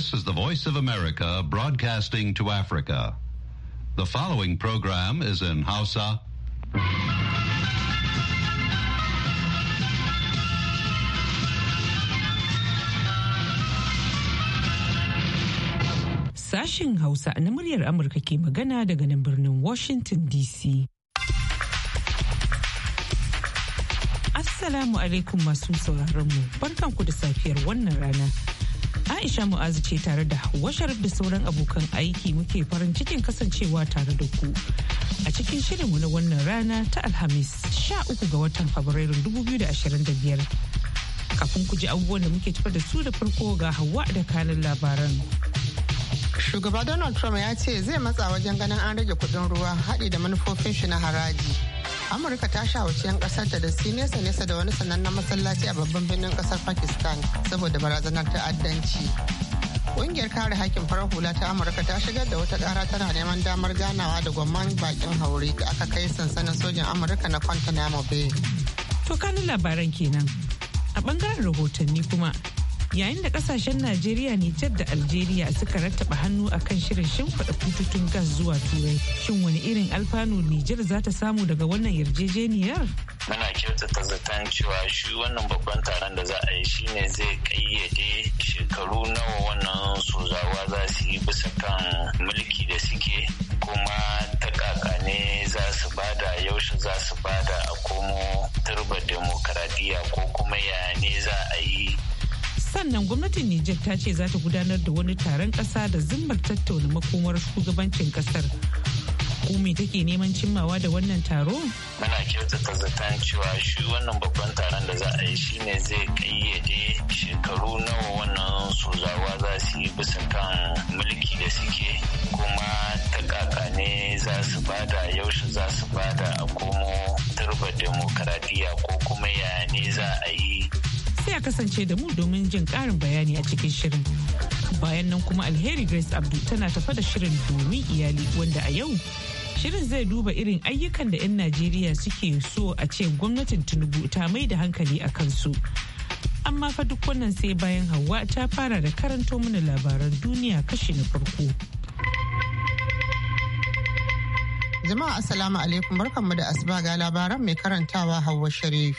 This is the Voice of America broadcasting to Africa. The following program is in Hausa. Sashen Hausa na muryar Amurka ke magana daga nan birnin Washington DC. Assalamu alaikum masu sauraronmu, barkanku da safiyar wannan rana. Aisha Mu'azu ce tare da washar da sauran abokan aiki muke farin cikin kasancewa tare da ku. A cikin shirinmu na wannan rana ta Alhamis 13 ga watan Fabrairun 2025. Kafin ku ji abubuwan da muke tafa da su da farko ga hawa da kanin labaran. Shugaba Donald Trump ya ce zai matsa wajen ganin an rage kudin ruwa haɗi da manufofin shi na haraji. amurka ta shawarci 'yan kasar ta da su nesa nesa da wani sanannen masallaci a babban birnin kasar pakistan saboda barazanar ta'addanci Ƙungiyar kare hakkin farar hula ta Amurka ta shigar da wata kara tana neman damar ganawa da gwamman bakin haure da aka kai sansanin sojin Amurka na Guantanamo Bay. To kanin labaran kenan. A bangaren rahotanni kuma yayin da kasashen najeriya nijar da algeria suka rattaba hannu a kan shirin shimfiɗa bututun gas zuwa turai shin wani irin alfanu nijar za ta samu daga wannan yarjejeniyar muna kyautata zaton cewa shi wannan babban taron da za a yi shine zai kayyade shekaru nawa wannan sozawa za su yi bisa kan mulki da suke kuma ta ne za su bada yaushe za su bada a komo turba demokaradiyya ko kuma ya ne za a yi sannan gwamnatin Nijar ta ce za ta gudanar da wani taron ƙasa da zimmar tattauna makomar shugabancin ƙasar. Ko take neman cimmawa da wannan taro? Muna kyautata zaton cewa shi wannan babban taron da za a yi shi ne zai kayyade shekaru nawa wannan sozawa za su yi bisa kan mulki da suke kuma ta ne za su bada yaushe za su bada a komo turba demokaradiyya ko kuma yaya ne za a yi sai a kasance da mu domin jin karin bayani a cikin shirin. Bayan nan kuma alheri Grace Abdu tana tafa da shirin domin iyali wanda a yau shirin zai duba irin ayyukan da 'yan Najeriya suke so a ce gwamnatin Tinubu ta mai da hankali a kansu. Amma fa duk wannan sai bayan Hauwa ta fara da karanto mana labaran duniya kashi na farko. Jama'a asalamu alaikum barkanmu da asuba labaran mai karantawa Hauwa Sharif.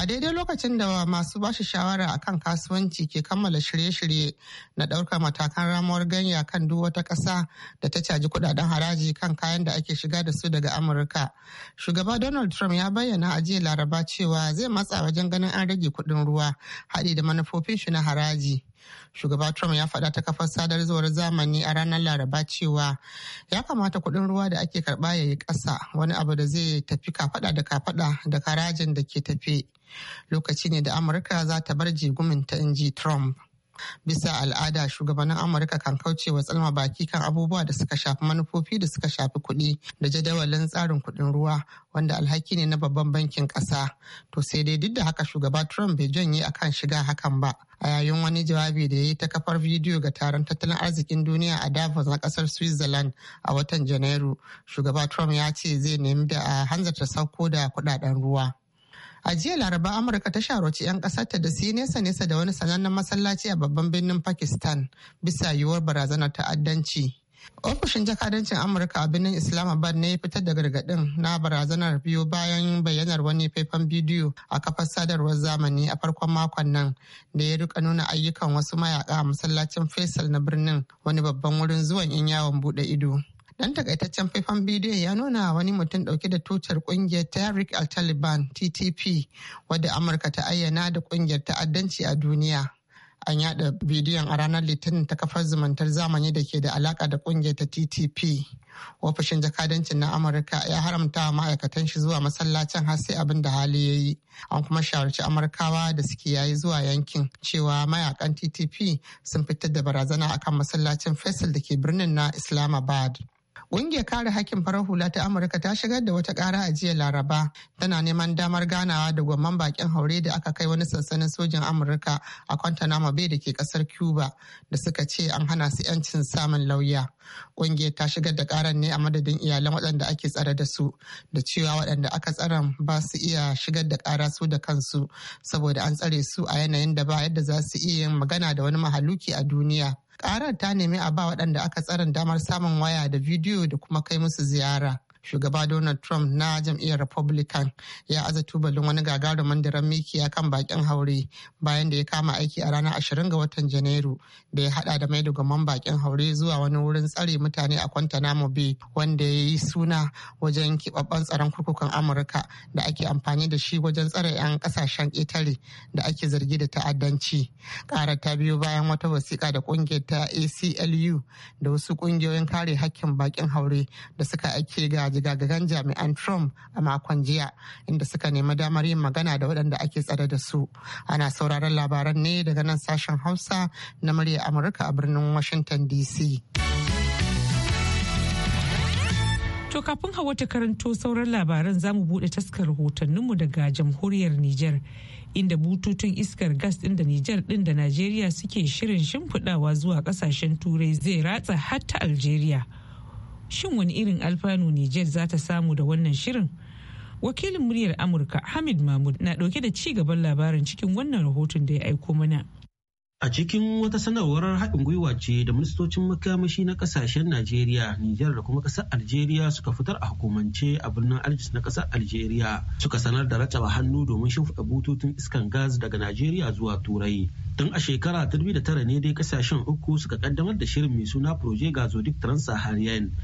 a daidai lokacin da masu bashi shawara akan kasuwanci ke kammala shirye-shirye na ɗaukar matakan ramuwar ganya kan duk wata ƙasa da ta caji kudaden haraji kan kayan da ake shiga da su daga amurka shugaba donald trump ya bayyana a jiya laraba cewa zai matsa wajen ganin an rage kuɗin ruwa haɗi da manufofin shi na haraji shugaba trump ya faɗa ta kafar sadarwar zamani a ranar laraba cewa ya kamata kuɗin ruwa da ake karɓa ya yi ƙasa wani abu da zai tafi kafaɗa da kafaɗa da karajin da ke tafi. lokaci ne da amurka za ta bar jiguminta in ji trump bisa al'ada shugabannin amurka kan kauce wa tsalma baki kan abubuwa da suka shafi manufofi da suka shafi kuɗi da jadawalin tsarin kuɗin ruwa wanda alhaki ne na babban bankin ƙasa to sai dai duk da haka shugaba trump bai janye akan shiga hakan ba a yayin wani jawabi da ya yi ta kafar bidiyo ga taron tattalin arzikin duniya a davos na kasar switzerland a watan janairu shugaba trump ya ce zai nemi da a hanzarta sauko da kudaden ruwa A jiya Laraba Amurka ta sharoci 'yan ƙasarta da su nesa-nesa da wani sanannen masallaci a babban birnin Pakistan bisa yiwuwar barazanar ta'addanci. Ofishin jakadancin Amurka a birnin Islamabad ne ya fitar da gargaɗin na barazanar biyu bayan bayyanar wani faifan bidiyo a kafar sadarwar zamani a farkon makon nan da ya rika nuna ayyukan wasu mayaka a masallacin Faisal na birnin wani babban wurin zuwan 'yan yawon buɗe ido. Dan takaitaccen faifan bidiyon ya nuna wani mutum dauke da tutar kungiyar Tariq al-Taliban TTP wadda Amurka ta ayyana da kungiyar ta'addanci a duniya. An yada bidiyon a ranar Litinin ta kafar zumuntar zamani da ke da alaka da kungiyar ta TTP. Ofishin jakadancin na Amurka ya haramta ma'aikatan shi zuwa masallacin har sai abin da hali ya yi. An kuma shawarci Amurkawa da suke yayi zuwa yankin cewa mayakan TTP sun fitar da barazana akan masallacin Faisal da ke birnin na Islamabad. Ƙungiyar kare hakkin farar hula ta Amurka ta shigar da wata ƙara a jiya Laraba tana neman damar ganawa da gwamman bakin haure da aka kai wani sansanin sojin Amurka a Guantanamo Bay da ke kasar Cuba da suka ce an hana su 'yancin samun lauya. Ƙungiyar ta shigar da ƙarar ne a madadin iyalan waɗanda ake tsare da su da cewa waɗanda aka tsaron ba su iya shigar da ƙara su da kansu saboda an tsare su a yanayin da ba yadda za su iya yin magana da wani mahaluki a duniya. Karar ta nemi a ba waɗanda aka tsarin damar samun waya da bidiyo da kuma kai musu ziyara. shugaba donald trump na jam'iyyar republican ya aza tubalin wani gagarumin daren mikiya kan bakin haure bayan da ya kama aiki a ranar ashirin ga watan janairu da ya hada da mai dugaman bakin haure zuwa wani wurin tsare mutane a guantanamo bay wanda ya yi suna wajen kibabban tsaron kurkukan amurka da ake amfani da shi wajen tsare 'yan kasashen ƙetare da ake zargi da ta'addanci kara ta biyo bayan wata wasiƙa da ƙungiyar ta aclu da wasu ƙungiyoyin kare hakkin bakin haure da suka ake ga gigagagan jami'an Trump a makon jiya inda suka nemi damar yin magana da waɗanda ake tsare da su. Ana sauraron labaran ne daga nan sashen Hausa na murya Amurka a birnin Washington DC. To kafin hawa ta karanto sauran labaran za mu buɗe taskar rahotanninmu daga jamhuriyar Nijar. Inda bututun iskar gas ɗin da Nijar ɗin da Najeriya suke shirin shimfiɗawa zuwa ƙasashen Turai zai ratsa hatta Algeria. shin wani irin alfanu Nijar za ta samu da wannan shirin? Wakilin muryar Amurka Hamid Mahmud na ɗauke da ci gaban labarin cikin wannan rahoton da ya aiko mana. A cikin wata sanarwar haɗin gwiwa ce da ministocin makamashi na kasashen Najeriya, Nijar da kuma ƙasar Algeria suka fitar a hukumance a birnin Aljis na ƙasar Algeria suka sanar da rataba hannu domin shimfiɗa bututun iskan gas daga Najeriya zuwa Turai. Tun a shekara ta tara ne dai ƙasashen uku suka ƙaddamar da shirin mai suna Proje Gazodik trans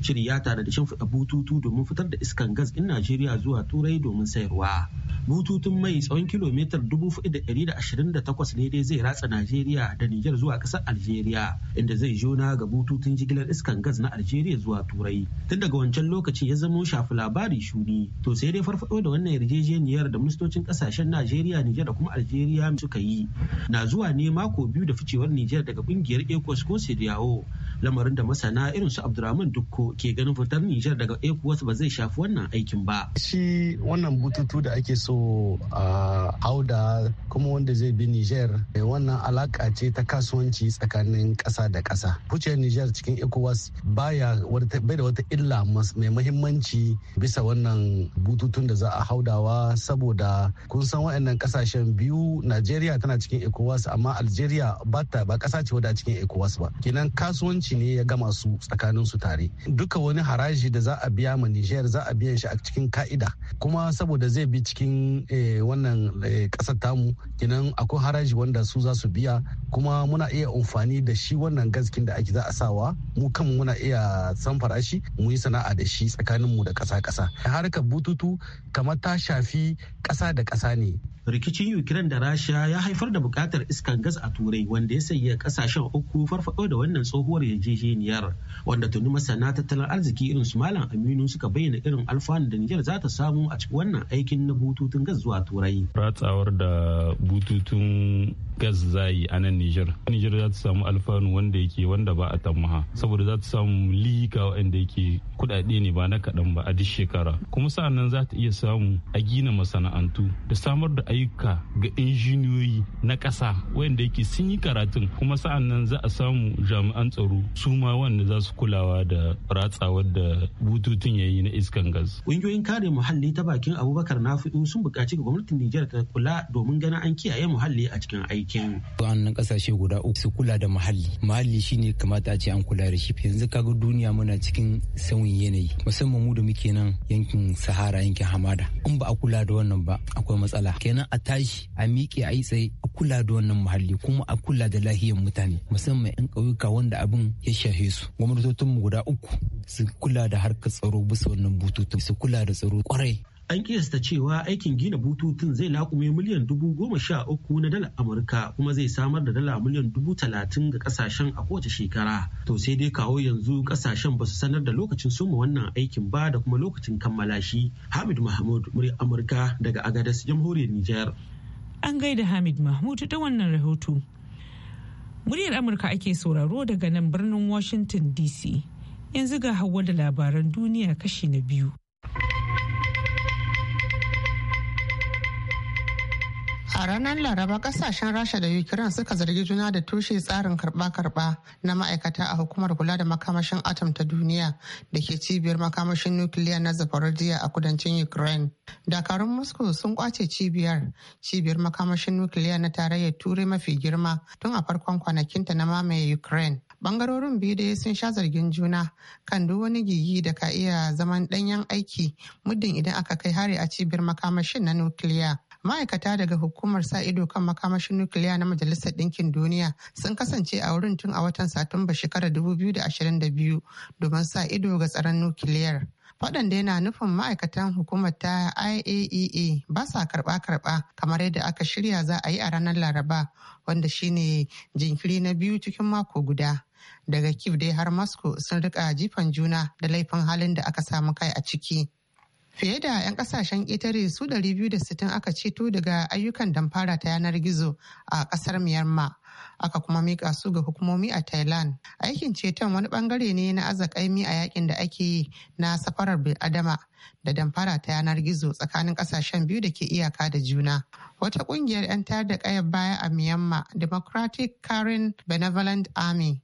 Shiri ya tare da shimfiɗa bututu domin fitar da iskan gas in Najeriya zuwa Turai domin sayarwa. Bututun mai tsawon kilomitar takwas ne dai zai ratsa Najeriya da Nijar zuwa ƙasar Algeria inda zai jona ga bututun jigilar iskan gas na Algeria zuwa Turai. Tun daga wancan lokacin ya zamo shafi labari shuni. To sai dai farfado da wannan yarjejeniyar da ministocin ƙasashen Najeriya, Nijar da kuma Algeria suka yi. Na zuwa ne mako biyu da ficewar Nijar daga kungiyar ECOWAS ko CEDEAO lamarin da masana irin su abdurrahman dukko ke ganin fitar nijar daga ecowas ba zai shafi wannan aikin ba shi wannan bututu da ake so a auda kuma wanda zai bi nijar eh, wannan alaka ce ta kasuwanci tsakanin kasa da kasa hujjar nijar cikin ecowas baya bai da wata illa mai mahimmanci bisa wannan bututun da za a haudawa saboda kun san waɗannan kasashen biyu najeriya tana cikin ecowas amma algeria ba ta ba ƙasa ce wadda cikin ecowas ba kenan kasuwanci hukunci ne ya gama su tsakanin su tare duka wani haraji da za a biya ma Nijar za a biyan shi a cikin ka'ida kuma saboda zai bi cikin eh, wannan kasar eh, tamu kinan akwai haraji wanda su za su biya kuma muna iya amfani da shi wannan gaskin da ake za a sawa mu kan muna iya san shi mu yi sana'a da shi tsakanin mu da kasa ƙasa harkar bututu kamar ta shafi ƙasa da ƙasa ne rikicin ukraine da rasha ya haifar da bukatar iskan gas a turai wanda ya sanya kasashen uku farfaɗo da wannan tsohuwar yarjejeniyar wanda tuni masana tattalin arziki irin su malam aminu suka bayyana irin alfanu da niger za ta samu a cikin wannan aikin na bututun gas zuwa turai ratsawar da bututun gas zai a nan niger niger za ta samu alfanu wanda yake wanda ba a tamaha saboda za ta samu lika wanda yake kudade ne ba na kaɗan ba a duk shekara kuma sa'an nan za ta iya samu a gina masana'antu da samar da ayyuka ga injiniyoyi na ƙasa wanda yake sun yi karatun kuma sa'an nan za a samu jami'an tsaro su ma wanda za su kulawa da ratsawar da bututun yayi na iskan gas. Ƙungiyoyin kare muhalli ta bakin Abubakar Nafi'u sun buƙaci gwamnatin Nijar ta kula domin ganin an kiyaye muhalli a cikin aikin. Wannan ƙasashe guda uku su kula da muhalli. Muhalli shine kamata a ce an kula da shi. Yanzu kaga duniya muna cikin sauyin yanayi musamman mu da muke nan yankin Sahara yankin hamada. In ba a kula da wannan ba akwai matsala. Kenan nan a tashi a miƙe a yi tsaye a kula da wannan muhalli kuma a kula da lahiyar mutane musamman 'yan ƙauyuka wanda abin ya shafe su mu guda uku su kula da harkar tsaro bisa wannan bututun su kula da tsaro kwarai an kiyasta cewa aikin gina bututun zai lakume miliyan dubu goma sha uku na dala amurka kuma zai samar da dala miliyan dubu talatin ga kasashen a kowace shekara to sai dai kawo yanzu kasashen ba su sanar da lokacin soma wannan aikin ba da kuma lokacin kammala shi hamid mahmud Muryar amurka daga agadas jamhuriyar niger an gaida hamid mahmud da wannan rahoto muryar amurka ake sauraro daga nan birnin washington dc yanzu ga hawa da labaran duniya kashi na biyu a ranar laraba kasashen rasha da ukraine suka zargi juna da tushe tsarin karba-karba na ma'aikata a hukumar kula da makamashin atom ta duniya da ke cibiyar makamashin nukiliya na zaporojiya a kudancin ukraine dakarun moscow sun kwace cibiyar cibiyar makamashin nukiliya na tarayyar turai mafi girma tun a farkon kwanakinta na mamaye ukraine bangarorin biyu da sun sha zargin juna kan duk wani gigi da ka iya zaman danyen aiki muddin idan aka kai hari a cibiyar makamashin na nukiliya ma'aikata daga hukumar sa ido kan makamashin nukiliya na majalisar ɗinkin duniya sun kasance a wurin tun a watan satumba shekarar biyu domin sa ido ga tsaron nukiliyar waɗanda yana nufin ma'aikatan hukumar ta IAEA e ba sa karɓa-karɓa kamar yadda aka shirya za a yi a ranar Laraba wanda shine jinkiri na biyu cikin mako guda. Daga kiv dai har Moscow sun rika jifan juna da laifin halin da aka samu kai a ciki Fiye da 'yan kasashen ƙetare su da sittin aka ceto daga ayyukan damfara ta yanar gizo a ƙasar Myanmar. Aka kuma mika su ga hukumomi a Thailand. Aikin ceton wani ɓangare ne na azakaimi a yakin da ake yi na safarar bil'adama da damfara ta yanar gizo tsakanin ƙasashen biyu da ke iyaka da juna. Wata ƙungiyar 'yan tayar da kayan baya a Myanmar, Democratic Karen Benevolent Army,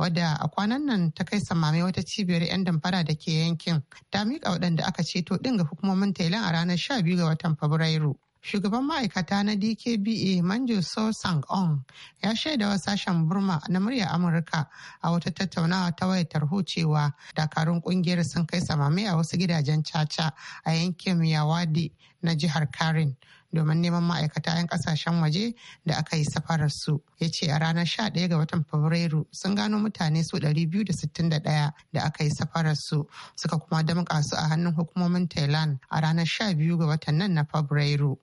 wadda a kwanan nan ta kai samame wata cibiyar 'yan damfara da ke yankin ta miƙa waɗanda aka ceto ɗin ga hukumomin tailan a ranar 12 ga watan fabrairu shugaban ma'aikata na dkba manju so sang on ya shaida wa sashen burma na murya amurka a wata tattaunawa ta wayar tarho cewa dakarun kungiyar sun kai samame a wasu gidajen caca a yankin miyawadi na jihar karin domin neman ma'aikata 'yan kasashen waje da aka yi safarar su ya ce a ranar 11 ga watan fabrairu sun gano mutane su 261 da aka yi safarar su suka kuma damƙa su a hannun hukumomin thailand a ranar 12 ga watan nan na fabrairu.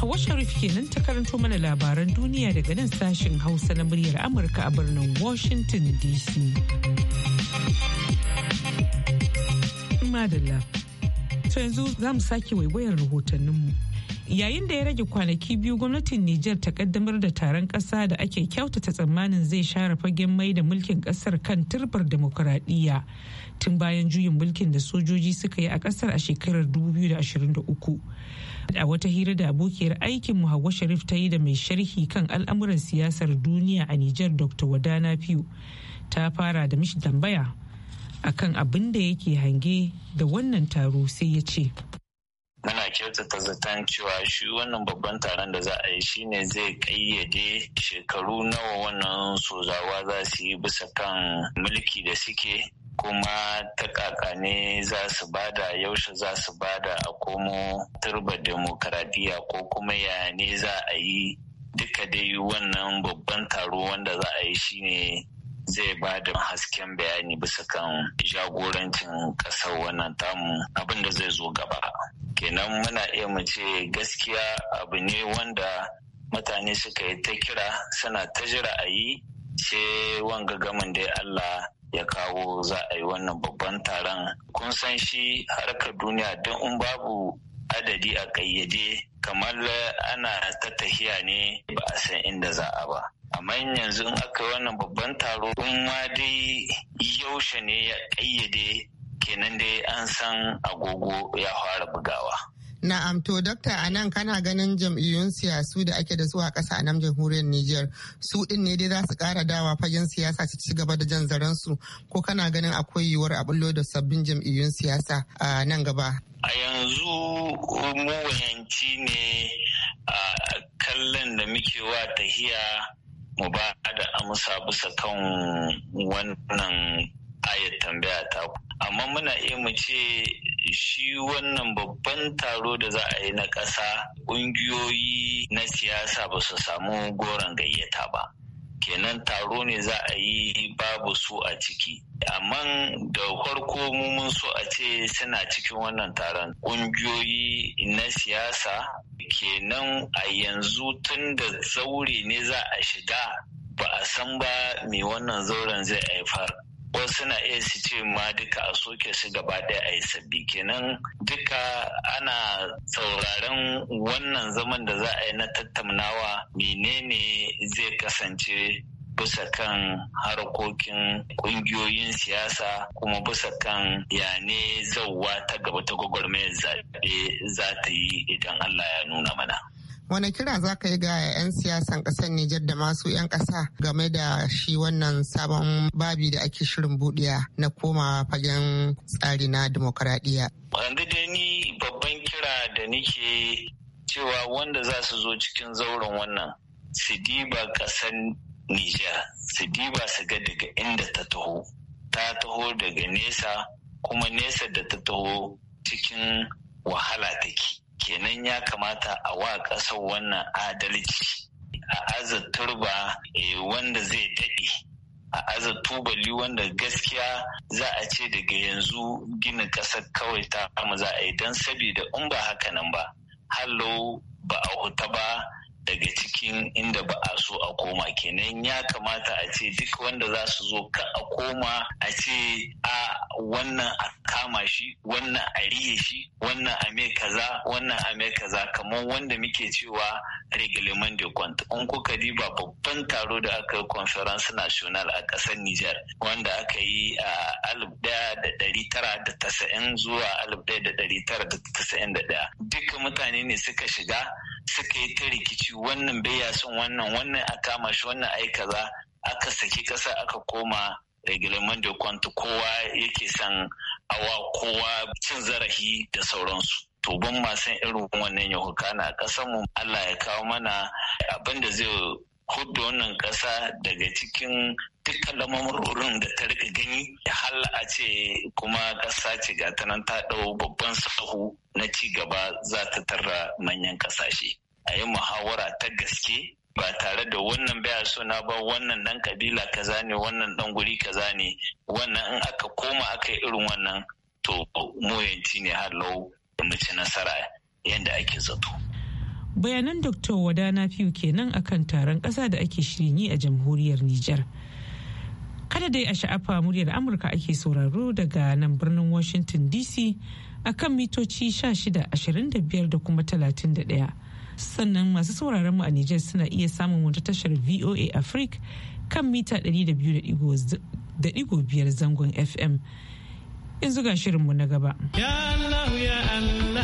Hawa Sharif kenan ta karanto mana labaran duniya daga nan sashen Hausa na muryar Amurka a birnin Washington DC. madalla. To yanzu za mu sake waiwayar rahotanninmu. Yayin da ya rage kwanaki biyu gwamnatin Nijar ta kaddamar da taron ƙasa da ake kyautata tsammanin zai share fagen mai da mulkin ƙasar kan turbar demokuraɗiyya tun bayan juyin mulkin da sojoji suka yi a ƙasar a shekarar 2023. A wata hira da abokiyar aikin mu Hauwa Sharif ta yi da mai sharhi kan al'amuran siyasar duniya a Nijar Dr. Wadana Piyu ta fara da mishi tambaya. akan abin da yake hange da wannan taro sai ya ce muna kyautata zaton cewa shi wannan babban taron da za a yi shi ne zai kayyade shekaru nawa wannan sozawa za su yi bisa kan mulki da suke kuma ta ne za su bada yaushe za su bada a komo turba demokaradiyya ko kuma ya ne za a yi duka dai wannan babban taro wanda za a yi shi ne. zai ba da hasken bayani bisa kan jagorancin kasar wannan tamu abin da zai zo gaba kenan muna iya mu ce gaskiya abu ne wanda mutane suka yi ta kira suna ta jira a yi ce wanga gaman da Allah ya kawo za a yi wannan babban taron kun san shi harkar duniya don in babu adadi a ƙayyade kamar ana ta tahiya ne ba a san inda za a ba amma yanzu in aka yi wannan babban taro in ma dai yaushe ne ya ƙayyade kenan dai an san agogo ya fara bugawa. Na'am to dokta a nan kana ganin jam'iyyun siyasu da ake da su a ƙasa a nan jamhuriyar Nijar su ɗin ne dai za su ƙara dawa fagen siyasa su ci gaba da jan zaransu su ko kana ganin akwai yiwuwar a bullo da sabbin jam'iyyun siyasa a nan gaba. A yanzu mu wayanci ne a kallon da muke wa tahiya mu ba da amsa bisa kan wannan ayar tambaya ta amma muna iya mu ce shi wannan babban taro da za a yi na ƙasa ƙungiyoyi na siyasa ba su samu goron gayyata ba kenan taro ne za a yi babu su a ciki amma da farko mun so a ce suna cikin wannan taron ƙungiyoyi na siyasa kenan a yanzu tun da zaure ne za a shiga ba a san ba me wannan zauren zai haifar wasu na iya su ce ma duka a soke su gaba ɗaya a yi sabbi kenan duka ana sauraron wannan zaman da za a yi na tattaunawa menene zai kasance bisa kan harkokin kungiyoyin siyasa kuma bisa kan yane zauwa ta gaba ta gwagwarmayar zaɓe za ta yi idan Allah ya nuna mana. wani kira za ka yi ga 'yan siyasan ƙasar Nijar da masu 'yan ƙasa game da shi wannan sabon babi da ake shirin buɗiya na koma fagen tsari na demokaradiyya. Wanda da ni babban kira da nike cewa wanda za su zo cikin zauren wannan su diba ƙasar Nijar, su diba su ga daga inda ta taho, ta taho daga nesa kuma nesa da ta taho cikin wahala take. kenan ya kamata a wa ƙasar wannan adalci a aza turba eh, wanda zai daɗe a aza tubali wanda gaskiya za a ce daga yanzu gina ƙasar kawai ta za a yi don sabida in ba haka nan ba hallo ba a huta ba daga cikin inda ba a so a koma kenan ya kamata a ce duk wanda za su zo ka a koma a ce a wannan a kama shi wannan a riye shi wannan a mai kaza wannan a mai kaza kamar wanda muke cewa reglement de kwanta in kuka diba babban taro da aka yi conference national a kasar Nijar wanda aka yi a alif da da dari tara tasa'in zuwa alif da da da dari tara daya. duka mutane ne suka shiga suka yi ta rikici wannan bai ya wannan wannan a kama shi wannan aika za aka saki kasa aka koma reglement de compte kowa yake son awa kowa cin zarafi da sauransu to ban ma san irin wannan ya hukana na kasan mu Allah ya kawo mana abin da zai hudu wannan ƙasa daga cikin dukkan lamarorin da ta rika gani ya halla a ce kuma kasa ce ga ta nan ta ɗau babban sahu na ci gaba za ta tarra manyan ƙasashe. a yi muhawara ta gaske ba tare da wannan baya suna ba wannan dan kabila kaza ne wannan dan guri kaza ne wannan in aka koma aka yi irin wannan to moyanci ne har lau da ci nasara yadda ake zato. bayanan dr wadana fiye kenan akan taron kasa da ake shirin yi a jamhuriyar niger kada dai a sha'afa muryar amurka ake sauraro daga nan birnin washington dc akan mitoci 25 da kuma 31 sannan masu sauraron mu a Nijar suna iya samun wata tashar VOA Africa kan mita 200.5 zangon FM. Yanzu ga shirinmu na gaba. Ya Allah ya Allah.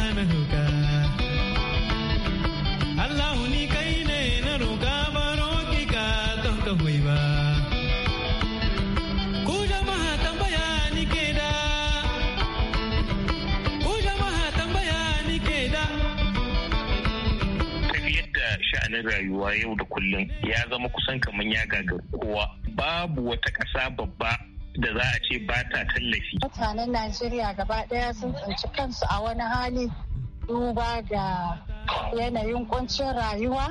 halin rayuwa yau da kullum ya zama kusan kamar ya gagar kowa babu wata ƙasa babba da za a ce ba ta tallafi. Mutanen Najeriya gaba ɗaya sun tsinci kansu a wani hali duba da yanayin kuncin rayuwa.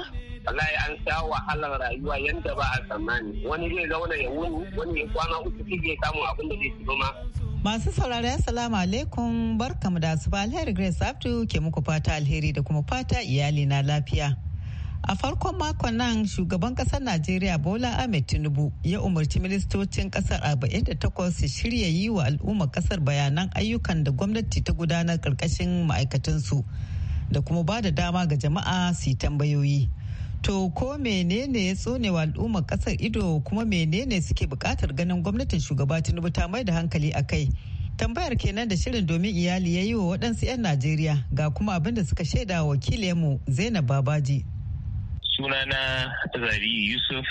Wallahi an sha wahalar rayuwa yadda ba a tsammani wani zai zauna ya wuni wani ya kwana uku shi zai samu abin da zai ci ma. Masu saurari assalamu alaikum barkamu da asuba alheri Grace Abdu ke muku fata alheri da kuma fata iyali na lafiya. A farkon makon nan shugaban kasar Najeriya Bola Ahmed Tinubu ya umarci ministocin kasar 48 su shirya yi wa al'ummar kasar bayanan ayyukan da gwamnati ta gudanar karkashin ma'aikatansu da kuma ba da dama ga jama'a su yi tambayoyi. To ko menene ya tsone wa al'ummar kasar ido kuma menene suke bukatar ganin gwamnatin shugaba Tinubu ta mai da hankali a kai. Tambayar kenan da shirin domin iyali ya yi wa waɗansu 'yan Najeriya ga kuma abin da suka shaida wakilinmu Zainab Babaji sunana zari yusuf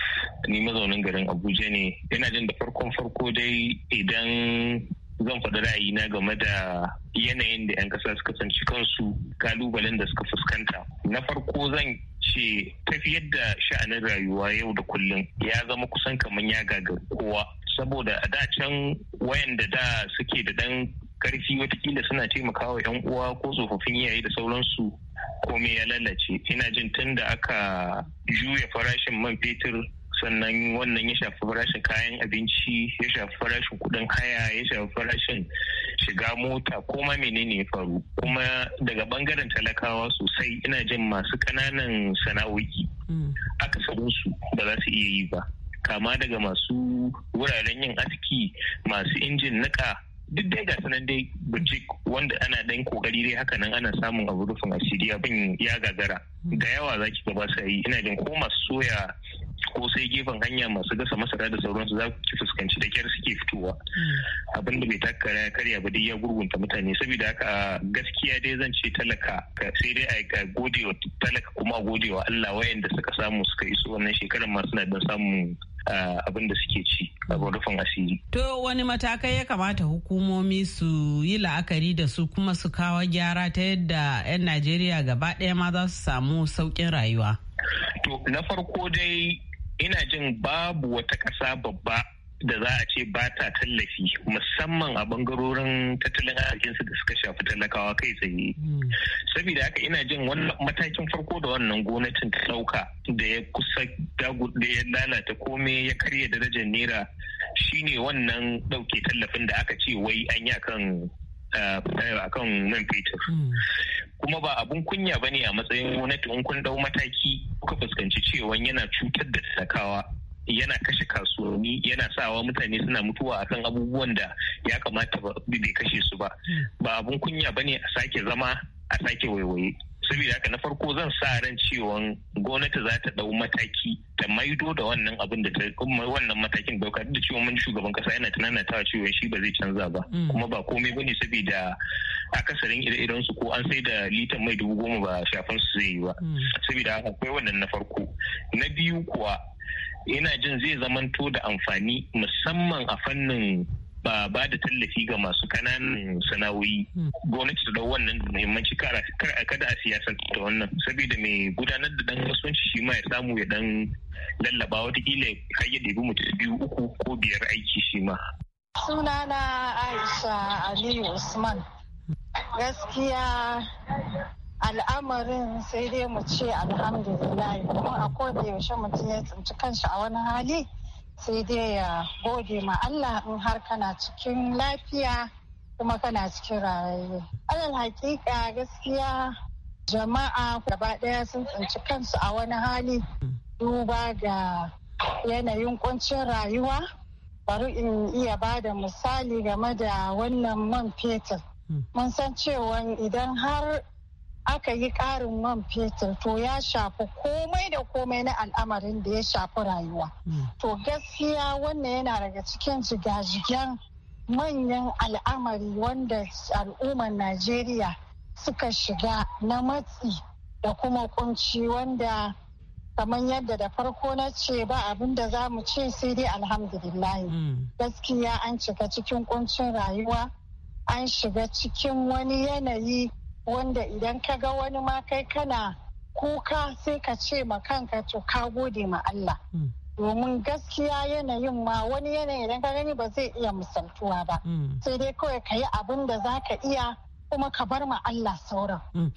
ni mazaunin garin abuja ne yana jin da farkon farko dai idan zan faɗi ra'ayina game da yanayin da 'yan ƙasa suka tsanci kansu kalubalen da suka fuskanta na farko zan ce tafiyar da sha'anin rayuwa yau da kullum ya zama kusan kamar ya gagar kowa saboda a da can wayanda da suke da dan karfi watakila suna taimakawa yan uwa ko tsofaffin iyaye da sauransu komai ya lalace ina jin tun da aka juya farashin man fetur sannan wannan ya shafi farashin kayan abinci ya shafi farashin kudin haya ya shafi farashin shiga mota koma menene ya faru kuma daga bangaren talakawa sosai ina jin masu ƙananan sana'o'i mm. aka su ba za su iya yi ba kama daga masu wuraren yin aski masu injin niƙa duk dai ga sanan dai bujik wanda ana dan kokari dai haka nan ana samun abu rufin asiri bin ya gagara hmm. da yawa za ki gaba sai ina jin ko masu soya ko sai gefen hanya masu gasa masara da sauransu za ki fuskanci da kyar suke fitowa hmm. abin da bai ya karya ba dai ya gurgunta mutane saboda haka gaskiya dai zan ce talaka sai dai a gode wa talaka kuma a gode wa Allah wayanda suka samu suka iso wannan shekarar ma suna dan samun Eh, abin da suke ci abin rufin asiri. To wani matakai ya kamata hukumomi su yi la'akari da su kuma su kawo gyara ta yadda 'yan Najeriya gaba ɗaya ma za su samu sauƙin rayuwa. To na farko dai ina jin babu wata ƙasa babba da za a ce ba ta tallafi musamman a bangarorin tattalin arzikinsu da suka shafi talakawa kai tsaye. Hmm. Saboda haka ina jin wannan matakin farko da wannan gwamnatin ta ɗauka da ya kusa da ya lalata komai ya karya darajar naira shine wannan ɗauke tallafin da aka ce wai an yi akan eh, akan man fetur. Hmm. Kuma ba abun kunya bane a matsayin gwamnati in kun ɗau mataki kuka fuskanci cewa yana cutar da talakawa yana kashe kasuwanni yana sawa mutane suna mutuwa akan abubuwan da ya kamata bai kashe su ba ba abun kunya bane a sake zama a sake waiwaye saboda haka na farko zan sa ran cewa gwamnati za ta dau mataki ta maido da wannan abin da ta wannan matakin dauka da cewa mun shugaban kasa yana tunanin ta cewa shi ba zai canza ba mm. kuma ba komai bane saboda akasarin ire-iren su ko an sai da litan mai dubu goma ba shafan su zai yi ba mm. saboda haka akwai wannan na farko na biyu kuwa ina jin zai zamanto da amfani musamman a fannin ba ba da tallafi ga masu kananan sana'o'i gwamnati ta dau wannan muhimmanci kar a kada a siyasar ta wannan saboda mai gudanar da dan kasuwanci shi ma ya samu ya dan lallaba wata har ya ɗebi mutum biyu uku ko biyar aiki shi ma. sunana aisha aliyu usman gaskiya al'amarin sai dai mu ce alhamdulillah kuma a koda yaushe mutum ya tsinci kanshi a wani hali sai dai ya gode ma Allah in har kana cikin lafiya kuma kana cikin rayayye. Alal hakika gaskiya jama'a gaba ɗaya sun tsinci kansu a wani hali duba ga yanayin kuncin rayuwa bari in iya ba da misali game da wannan man fetur. Hmm. Mun san cewa idan har aka yi ƙarin man fetur to ya shafi komai da komai na al'amarin da ya shafi rayuwa. Hmm. To gaskiya wannan yana daga cikin jiga jigajigen manyan al'amari wanda al'ummar Najeriya suka shiga na matsi da kuma kunci wanda kamar yadda da farko na ce ba abin da za mu ce sai dai alhamdulillah. Hmm. gaskiya an shiga cikin kuncin rayuwa an shiga cikin wani yanayi wanda idan ka ga wani ma kai kana kuka sai ka ce ma kanka to ka gode ma Allah hmm. domin gaskiya yanayin ma wani yanayi idan ka gani ba zai iya misaltuwa ba hmm. sai dai kawai ka yi abin da za ka iya kuma ka bar ma Allah sauran. Hmm.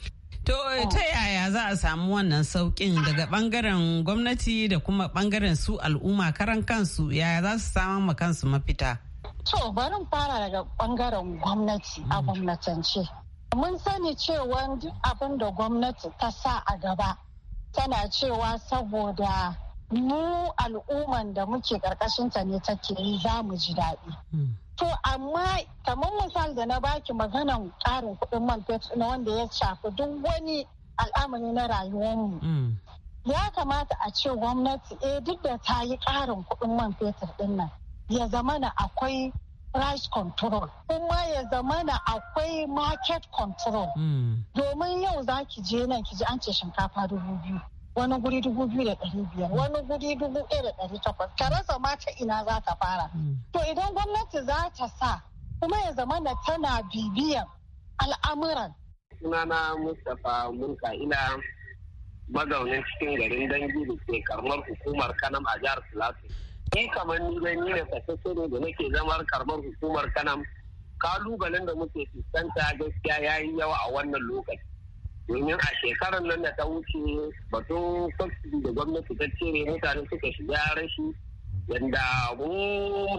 To eh, oh. ta yaya za a samu wannan saukin daga bangaren gwamnati da kuma bangaren su al'umma karan kansu yaya za su samu ma kansu mafita? To barin fara daga bangaren gwamnati a gwamnatance. Mun sani cewa duk abin da gwamnati ta sa a gaba tana cewa saboda mu al'umman da muke ƙarƙashinta ne take yi za mu ji daɗi. Hmm. To amma kamar misal da na baki maganan ƙarin kuɗin man fetur na wanda ya shafi duk wani al'amari na rayuwar mu hmm. Ya kamata a ce gwamnati eh duk da ta yi ƙarin kuɗin man fetur ɗin nan ya zamana akwai price control kuma ya zamana akwai market control hmm. domin yau za ki je nan ki ji an ce shinkafa dubu biyu wani guri dubu biyu da ɗari biyar wani guri dubu ɗaya da ɗari takwas ka rasa mata ina za ka fara hmm. to idan gwamnati za ta sa kuma ya zamana tana bibiyan al'amuran sunana mustapha mulka ina mazaunin cikin garin dangi da ke karamar hukumar kanam a jihar filato ni kamar ni bai ni da kasashe ne da nake zamar karɓar hukumar kanam kalubalen da muke fuskanta gaskiya ya yi yawa a wannan lokaci domin a shekarar nan da ta wuce batun subsidy da gwamnati ta cire mutane suka shiga rashi yanda mu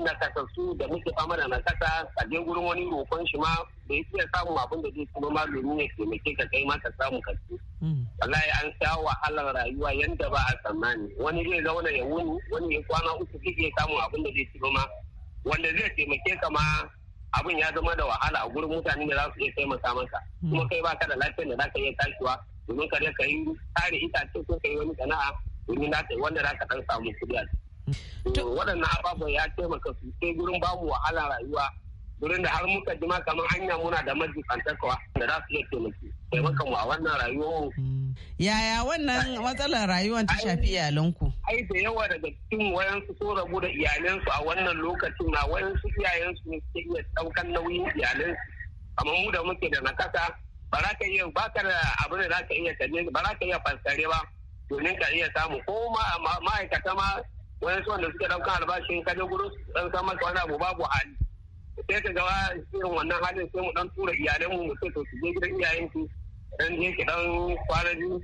nakasassu da muke fama da nakasa a je gurin wani rokon shi ma bai iya samun abin da zai kuma malumi ne taimake ka kai ma ka samu ka ci hmm. wallahi an sha wahalar rayuwa yanda ba a tsammani wani zai zauna ya wuni wani ya kwana uku iya samun abin da zai ci wanda zai taimake ka ma abin ya zama da wahala a gurin mutane da za su iya taimaka maka hmm. kuma kai baka da lafiyar da za ka iya tashiwa domin ka je ka yi ita itace ko ka yi wani sana'a domin wanda za ka dan samu kuɗi a ciki waɗannan ababen ya taimaka sosai gurin babu wahala rayuwa gurin da har muka jima kamar hanya muna da fantakawa da za su iya taimaki taimakan mu a wannan rayuwar yaya wannan matsalar rayuwar ta shafi iyalanku ai da yawa daga cikin wayansu sun rabu da iyalansu a wannan lokacin na wayansu iyayensu ne suke iya ɗaukan nauyin iyalansu kamar mu da muke da nakasa ba za ka iya ba ka da abin da za ka iya ba za ka iya faskare ba domin ka iya samu ko ma'aikata ma wani su wanda suke ɗauka albashin kaje gudu ɗan san maka wani abu babu hali sai ka gawa irin wannan halin sai mu ɗan tura iyalan mu ce to su je gidan su ɗan je ki ɗan kwana biyu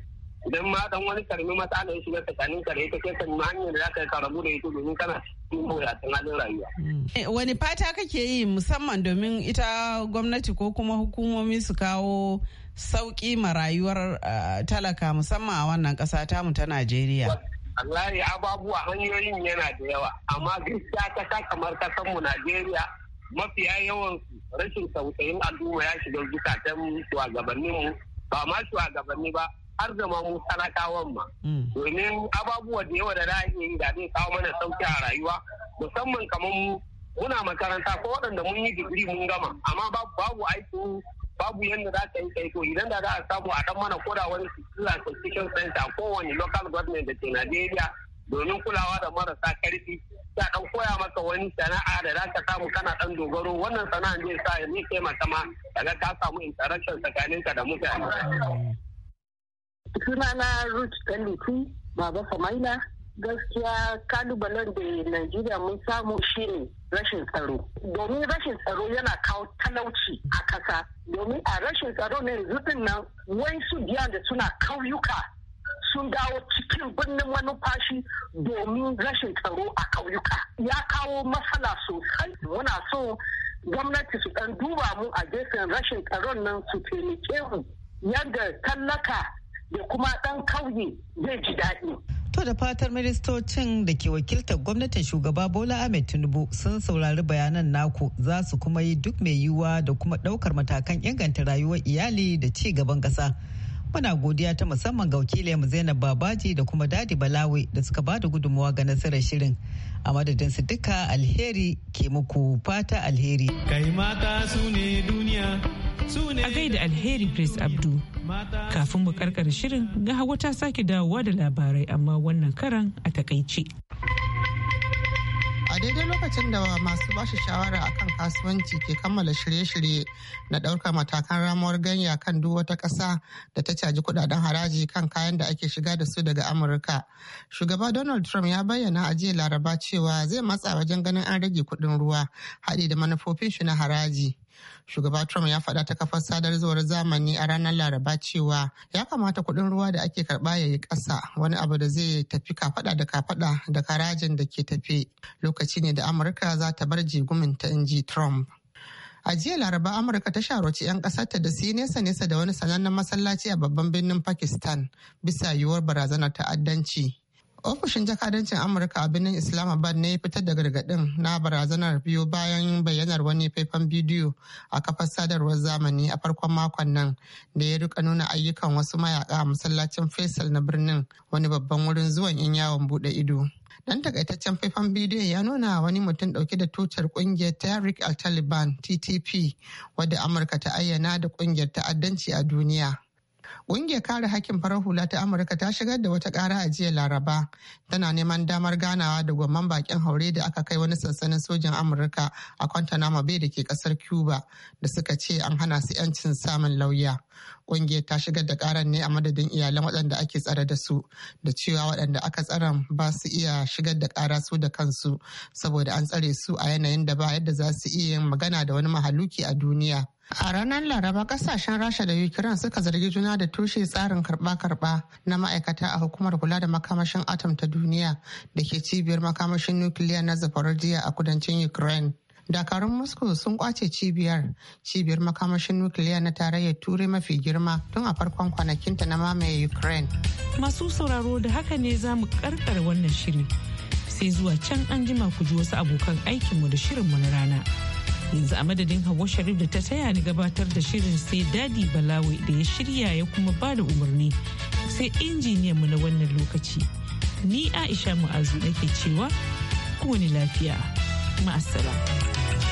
idan ma ɗan wani karmi matsala ya shiga tsakanin kare da ita kai kan hanyar da za ka rabu da ita domin kana cikin mawuyacin halin rayuwa. Eh, wani fata kake yi musamman domin ita gwamnati ko kuma hukumomi su kawo sauki ma rayuwar eh, talaka musamman a wannan ƙasa tamu ta Najeriya. wallahi ababuwa hanyoyin yana da yawa amma gaskiya kasa kamar kasan mu Najeriya mafiya yawan rashin tausayin al'umma ya shiga zukatan shugabannin mu ba ma shugabanni ba har zama mu talakawan ma mm. domin ababuwa da yawa da za yi da zai kawo mana sauki a rayuwa musamman kamar mu muna makaranta ko waɗanda mun yi digiri mun gama amma babu aikin babu yadda za ta yi kaiko idan da za a samu a dan mana koda wani sisila cikin center kowane local government da ke nigeria domin kulawa da marasa karfi ta dan koya maka wani sana'a da za ka samu kana dan dogaro wannan sana'a zai sa ya ne taimaka ma daga ka samu interaction tsakaninka da mutane. Sunana Ruth Kalliku, Baba Famaila, gaskiya kalubalen da Najeriya mun samu shine rashin tsaro. Domin rashin tsaro yana kawo talauci a ƙasa. Domin a rashin tsaro ne zubin nan wai su biya da suna kauyuka sun dawo cikin birnin manufashi domin rashin tsaro a kauyuka. Ya kawo matsala sosai. Muna so gwamnati su ɗan duba mu a gefen rashin tsaron nan su taimake mu. Yadda tallaka da kuma ɗan kauye zai ji daɗi. To da fatar ministocin da ke wakiltar gwamnatin shugaba Bola Ahmed Tinubu sun saurari bayanan naku za su kuma yi duk mai yiwuwa da kuma ɗaukar matakan inganta rayuwar iyali da ci gaban ƙasa. Muna godiya ta musamman ga wakilinmu Zainab Babaji da kuma Dadi Balawi da suka bada gudunmawa ga nasarar shirin. A madadin su duka alheri ke muku fata alheri. Kai mata su ne duniya su ne. A gaida alheri Prince Abdu. Kafin mu karkar shirin ga hawa ta sake dawowa da labarai amma wannan karan a takaice. A daidai lokacin da masu bashi shawara a kan kasuwanci ke kammala shirye-shirye na ɗaukar matakan ramuwar ganya kan duk wata ƙasa da ta caji kudaden haraji kan kayan da ake shiga da su daga Amurka. Shugaba Donald Trump ya bayyana a jiya Laraba cewa zai matsa wajen ganin an rage kuɗin ruwa haɗi da manufofin shi na haraji. Shugaba Trump ya faɗa ta kafar sadarwar zamani a ranar Laraba cewa ya kamata kuɗin ruwa da ake karɓa ya yi ƙasa wani abu da zai tafi kafaɗa da kafaɗa da karajin da ke tafe lokaci ne da Amurka za ta bar jigumin ta inji Trump. A jiya Laraba Amurka ta sharoci 'yan ƙasarta da su yi nesa-nesa da wani sanannen masallaci a babban birnin Pakistan bisa yiwuwar barazanar ta'addanci. Ofishin jakadancin Amurka a birnin Islamabad ne fitar da gargaɗin na barazanar biyu bayan bayyanar wani faifan bidiyo a kafar sadarwar zamani a farkon makon nan da ya rika nuna ayyukan wasu mayaka a masallacin Faisal na birnin wani babban wurin zuwan 'yan yawon buɗe ido. Dan takaitaccen faifan bidiyon ya nuna wani mutum ɗauke da tutar kungiyar Tariq al-Taliban TTP wadda Amurka ta ayyana da kungiyar ta'addanci a duniya. Ƙungiyar kare hakkin farar hula ta Amurka ta shigar da wata ƙara a jiya Laraba tana neman damar ganawa da gwamman bakin haure da aka kai wani sansanin sojin Amurka a Guantanamo Bay da ke ƙasar Cuba da suka ce an hana su 'yancin samun lauya. kungiyar ta shigar da karan ne a madadin iyalan waɗanda ake tsare da su da cewa waɗanda aka tsara ba su iya shigar da kara su da kansu saboda an tsare su a yanayin da ba yadda za su iya yin magana da wani mahaluki a duniya A ranar Laraba kasashen Rasha da Ukraine suka zargi juna da tushe tsarin karba-karba na ma'aikata a hukumar kula da makamashin atom ta duniya da ke cibiyar makamashin nukiliya na Zaporozhye a kudancin Ukraine. dakarun moscow sun kwace cibiyar cibiyar makamashin nukiliya na tarayyar turai mafi girma tun a farkon kwanakinta na mamaye ukraine masu sauraro da haka ne za mu karkar wannan shiri sai zuwa can an jima ku ji wasu abokan aikinmu da shirinmu na rana yanzu a madadin hawa sharif da ta taya ni gabatar da shirin sai dadi balawe da ya shirya ya kuma ba da umarni sai injiniyan mu na wannan lokaci ni aisha mu'azu nake cewa kowane lafiya Ma'asala.